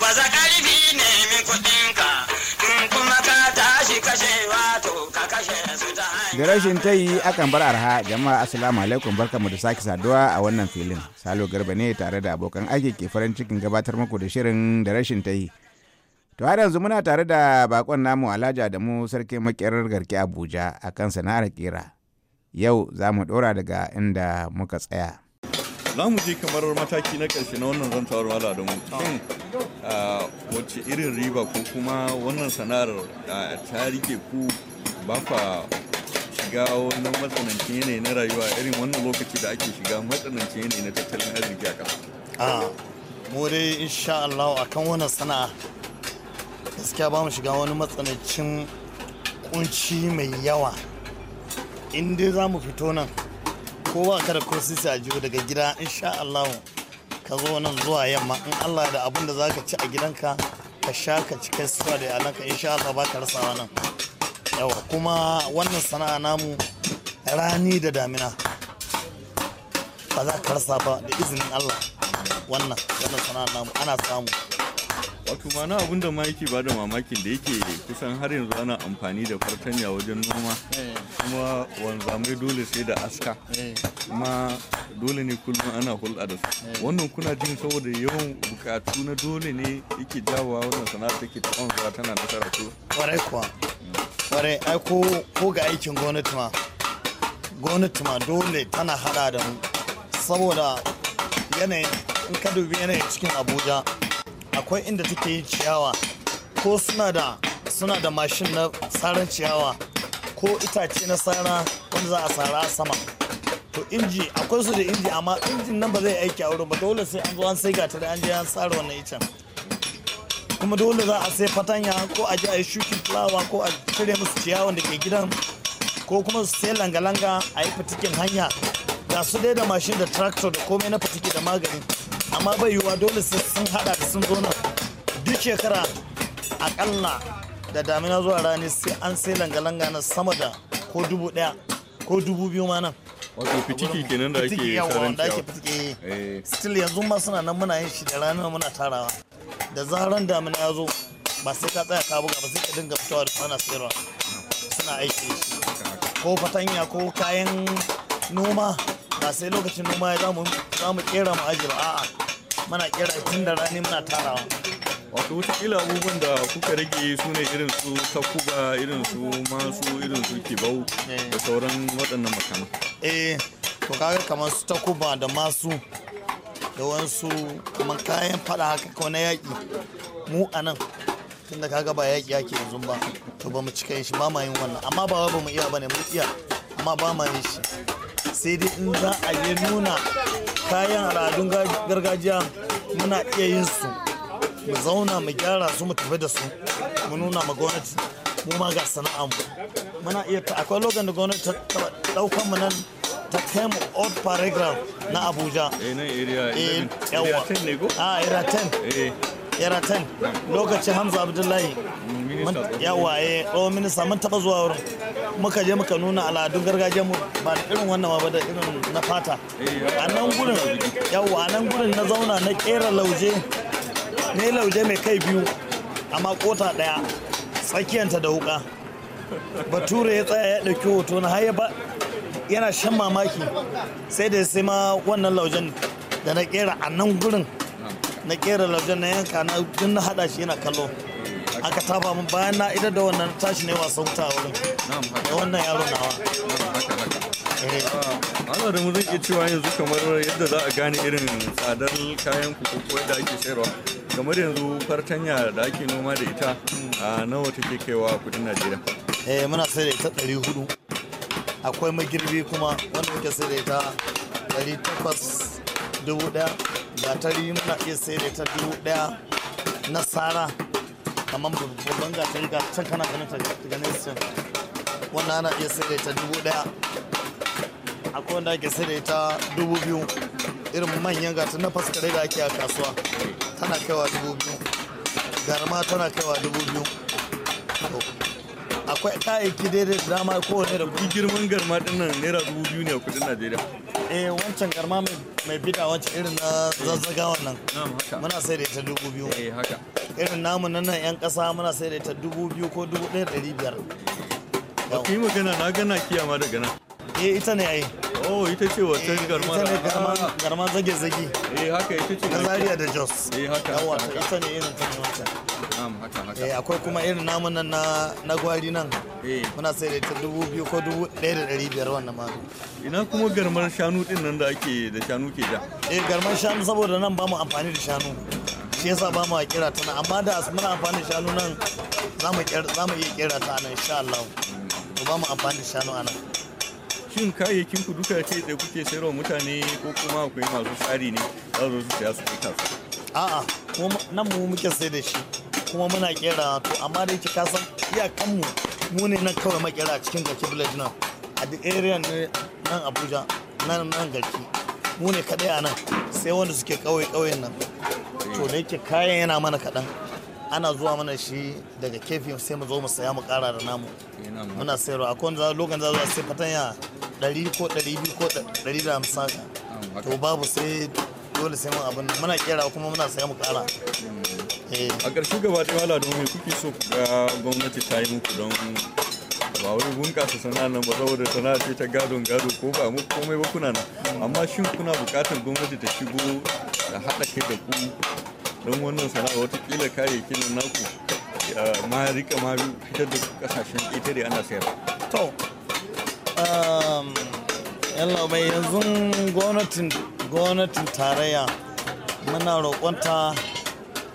baza ƙarfi kuɗinka in kuma ka tashi kashe wato ka kashe su ta hanyar. Da rashin ta yi akan bar arha jama'a assalamu alaikum barkamu da sake saduwa a wannan filin. Salo Garba ne tare da abokan aiki ke farin cikin gabatar muku da shirin da rashin ta yi. To har yanzu muna tare da bakon namu Alhaji Adamu sarkin makerar garki Abuja akan sana'ar kera. Yau za mu ɗora daga inda muka tsaya. za mu je kamar mataki na ƙarshe na wannan zantawar wala da shin wacce irin riba ko kuma wannan sana'ar ta rike ku ba kwa shiga wani matsanancin yanayi na rayuwa irin wannan lokaci da ake shiga matsanancin yanayi na tattalin arziki a ƙasa. mu dai insha Allah akan wannan sana'a gaskiya ba mu shiga wani matsanancin kunci mai yawa in dai za mu fito nan Kowa ba ka da ko sisi a jiho daga gida sha Allah ka zo nan zuwa yamma in Allah da abin da za ka ci a gidanka ka sha ka ci kai suwa da yalanka sha Allah ba ka rasa nan yawa kuma wannan sana'a namu rani da damina ba za ka rasa ba da izinin Allah wannan wannan sana'a namu ana samu wato ma na abun da ma yake bada mamakin da yake kusan har yanzu ana amfani da fartanya wajen noma eh. kuma wanzamai dole sai da aska kuma eh. dole ne kullum ana hulɗa da su eh. wannan kuna jin saboda yawan bukatu na dole ne yake jawowa wannan sana'a take ta zuwa tana nasara to kwarai kuwa kwarai ai ko ga aikin gwamnati ma gwamnati ma dole tana hada da mu saboda yanayin in ka dubi yanayin cikin abuja akwai inda take yin ciyawa ko suna da suna da mashin na tsarin ciyawa ko itace na tsara wanda za a tsara sama to inji akwai su da inji amma injin nan ba zai aiki a wurin ba dole sai an zo an sai gata da an je an tsara wannan ican kuma dole za a sai fatanya ko a je a yi shukin fulawa ko a cire musu ciyawan da ke gidan ko kuma su sai langa-langa a yi fitikin hanya ga su dai da mashin da tractor da komai na fitiki da magani amma bai yiwuwa dole sun hada da sun zo nan duk shekara akalla da damina zuwa rani sai an sai langa-langa na sama da ko dubu daya ko dubu biyu ma nan wato fitiki kenan da ake sarin da ake fitike eh. still yanzu ma suna nan muna yin shi da rani muna tarawa da zaran damina ya zo ba sai ka tsaya ka buga ba sai ka dinga fitowa da kwana sayarwa suna aiki ko fatanya ko kayan noma ba sai lokacin noma ya za mu kera mu ajiye a'a muna kera tun da rani muna tarawa wato kila abubuwan da kuka rage su ne irin su takuba irin su masu irin su kibau eh. da sauran waɗannan makama eh to kaga kamar su takuba da masu da wasu kamar kayan fada haka ko na yaƙi mu a nan tun da kaga ba yaƙi yaƙi yanzu ba to ba mu cika yin shi ba ma yin wannan amma ba ba mu iya ba ne mu iya amma ba ma yin shi sai dai in za a yi nuna kayan al'adun gargajiya muna iya yin su mu zauna mu gyara su mu tafi da su mu nuna ma gwamnati mu ma ga sana'a mu muna iya ta akwai lokacin da gwamnati ta taba daukan mu nan ta kai mu old paragraph na abuja eh nan area 11 eh, ne ko ah, area 10 10 lokacin hamza abdullahi yawa ya eh, tsohon minista mun taba zuwa wurin muka je muka nuna al'adun gargajiyarmu mu ba da irin wannan ba da irin na fata a nan gurin yawa a nan gurin na zauna na kera lauje ne lauje mai kai biyu amma kota daya tsakiyanta da wuka bature ya tsaya ya ɗauki hoto na ba yana shan mamaki sai da sai ma wannan laujen da na kera a nan gurin na kera lafiyan na yanka na duk na hada shi yana kallo aka taba mun bayan na idan da wannan tashi ne wasan wuta wurin da wannan yaro nawa ana da muzin iya cewa yanzu kamar yadda za a gane irin tsadar kayan kuku da ake sayarwa kamar yanzu fartanya da ake noma da ita a ah, nawa take kaiwa kudin najeriya eh muna sai da ita 400 akwai magirbi kuma wanda muke sai da ita 800 dubu daya gatari muna iya sai da ta dubu daya na sara kamar babban gatari ga can kana ganin ta ganin su wanda ana iya sai da ta dubu daya akwai wanda ake sai da ta dubu biyu irin manyan gatari na faskare da ake a kasuwa tana kaiwa dubu biyu garma tana kaiwa dubu biyu akwai kayayyaki daidai da dama kowane da girman garma dinnan naira dubu biyu ne a kudin najeriya eh wancan garma mai bida wancan irin na zazzaga wannan muna sai da ita dubu biyu eh haka irin namu nan nan yan kasa muna sai da ita dubu biyu ko dubu ɗaya da ɗari biyar ba ku yi magana na gana kiyama daga nan eh ita ne ai oh ita ce wata eh, garma ita ne garma zage zage eh haka ita ce ta da jos eh haka yawa ta ita ne irin ta ne wancan na'am haka haka eh akwai kuma irin namun nan na na gwari nan eh muna sai da ita dubu biyu ko dubu ɗaya da ɗari biyar wannan ma ina kuma garmar shanu din nan da ake da shanu ke da eh garmar shanu saboda nan ba mu amfani da shanu shi yasa ba mu a kira ta nan amma da muna amfani da shanu nan za mu iya kira ta nan insha Allah ba mu amfani da shanu a nan shin kayayyakin ku duka kai da kuke sayarwa mutane ko kuma akwai masu tsari ne za su zo su kasuwa a'a nan mu muke sai da shi kuma muna kera to amma da yake kasan iyakan mu mu ne nan kawai makera a cikin garki village nan a duk area nan abuja nan nan garki mu ne kadai a nan sai wanda suke kauye kauyen nan to da yake kayan yana mana kaɗan ana zuwa mana shi daga kefi sai mu zo mu saya mu kara da eh, namu muna sayarwa a akwai a lokacin za zuwa sai fatanya 100 ko 200 ko 150 to babu sai dole sai mun abin muna kera kuma muna saya mu kara eh. a ƙarshe gaba ɗaya wala don me kuke so ga gwamnati ta yi muku don ba wai bunƙasa sana'ar nan ba saboda sana'a ce ta gadon gado ko ba mu komai ba kuna nan amma shin kuna buƙatar gwamnati ta shigo da haɗa kai da ku don wannan sana'a watakila kayayyakin naku ma rika ma fitar da kasashen ƙetare ana sayar to um, yalla mai yanzu gwamnatin tarayya muna roƙonta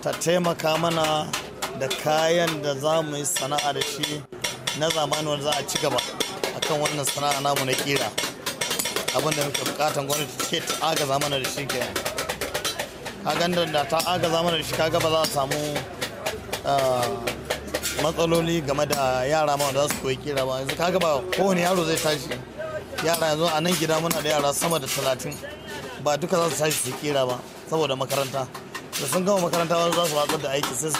ta taimaka mana da kayan da za mu yi sana'a da shi na zamani wanda za a ci gaba akan wannan sana'a namu na kira abinda muke bukatan gwamnati ke ta aga mana da shi kenan kaga da ta aga zamanin shi kaga ba za a samu ah, matsaloli game da yara ma za su koyi kira ba yanzu kaga ba kowane yaro zai tashi yara yanzu a nan gida muna da yara sama da talatin ba duka za su tashi su kira ba saboda makaranta da sun gama makaranta wani za su watsar da aiki sai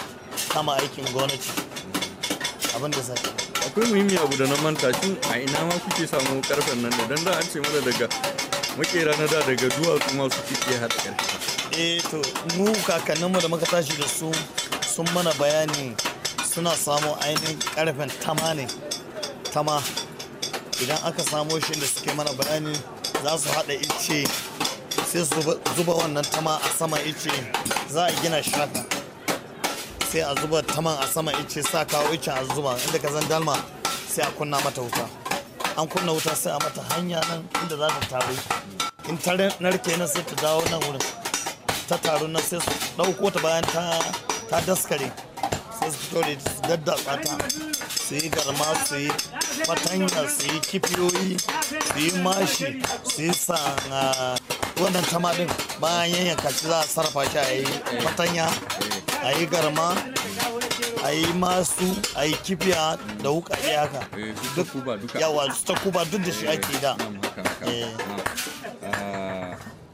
kama aikin gwamnati abin da sai akwai muhimmi abu da na manta shin a ina ma kuke samu karfen nan da dan da an ce mana daga makera na da daga duwatsu masu kike haɗa karfe eh to mu kakanninmu da muka tashi da su sun mana bayani suna samu ainihin karfin tama ne tama idan aka samo shi da suke mana bayani za su haɗa ice sai su zuba wannan tama a sama ice za a gina shaka sai a zuba taman a sama ice sa kawo ice a zuba inda ka zan dalma sai a kunna mata wuta an kunna wuta sai a mata hanya nan inda za ta taru in ta narke nan sai ta dawo nan wurin ta taru na sai su ɗauko ta bayan ta daskare sai su fito da su daddatsa ta su yi garma su yi fatanya su yi kifiyoyi su yi mashi su yi sa wannan tamadin bayan yanyanka shi za a sarrafa shi a yi fatanya a yi garma a yi masu a yi kifiya da wuka haka eh, yawa su ta kuba duk da shi ake da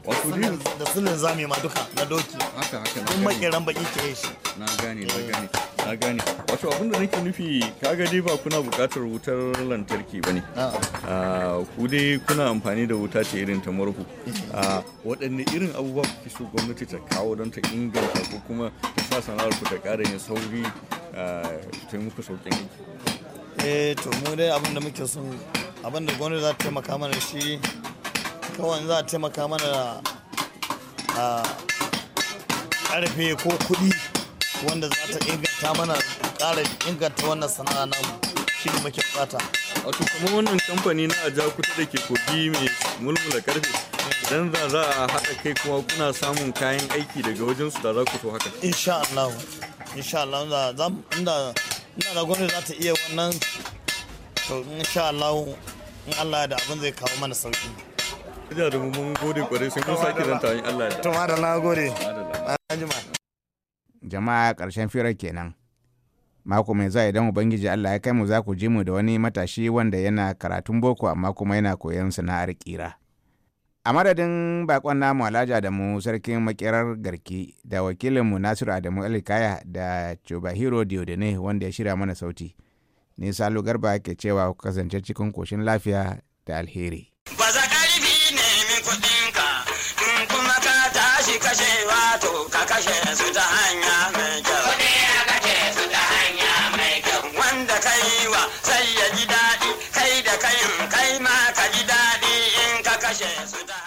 wato dai da sunan zame ma duka na doki haka haka na makiran baki ke shi na gane na eh. gane na gane wato abin da nake nufi kaga dai ba kuna buƙatar wutar lantarki bane a'a ah. ah, ku dai kuna amfani da wuta ce irin ta murhu ah, waɗanne irin abubuwa kuke so gwamnati ta kawo don ta inganta ko kuma ta sa sana'ar ku ta ƙara yin sauri ta yi muku sauƙin eh to mu dai abin da muke son abin da gwamnati za ta taimaka mana shi kawai za a taimaka mana da karfe ko kuɗi wanda za ta inganta mana kara inganta wannan sana'a namu shi ne muke fata wato kamar wannan kamfani na ajakuta da ke kogi mai mulmula karfe don za a haɗa kai kuma kuna samun kayan aiki daga wajen su da za ku so haka insha Allah insha Allah za inda ina da gwamnati za ta iya wannan to insha Allah in Allah da abin zai kawo mana sauki Ina da Jama'a ƙarshen firar kenan. Mako mai za idan Ubangiji Allah ya kai mu za ku ji mu da wani matashi wanda yana karatun boko amma kuma yana koyon sana'ar kira. A madadin bakon namu Alhaji Adamu sarkin makirar garki da wakilinmu Nasiru Adamu Alikaya da Chubahiro Diodene wanda ya shirya mana sauti. Ni Salo Garba ke cewa kasance cikin koshin lafiya da alheri. kuɗinka in kuma ka tashi kashe wato ka kashe su ta hanya mai kyau. ya mai kyau. Wanda ka yi wa sai ya ji daɗi kai da kai kai ma ka ji daɗi in ka kashe su ta